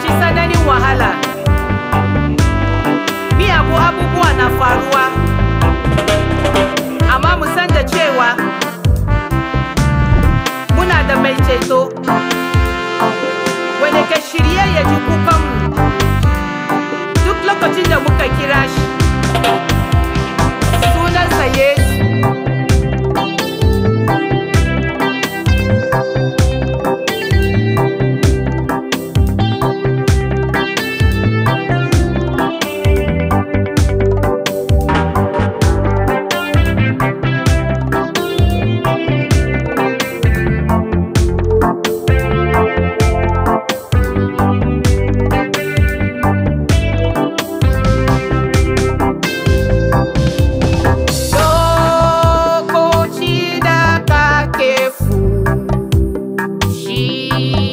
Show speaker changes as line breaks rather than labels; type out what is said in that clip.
fuskanci tsananin wahala miyagun abubuwa na faruwa amma mu san da cewa muna da mai ceto wanda ke shirye ya ji kuma
Bye.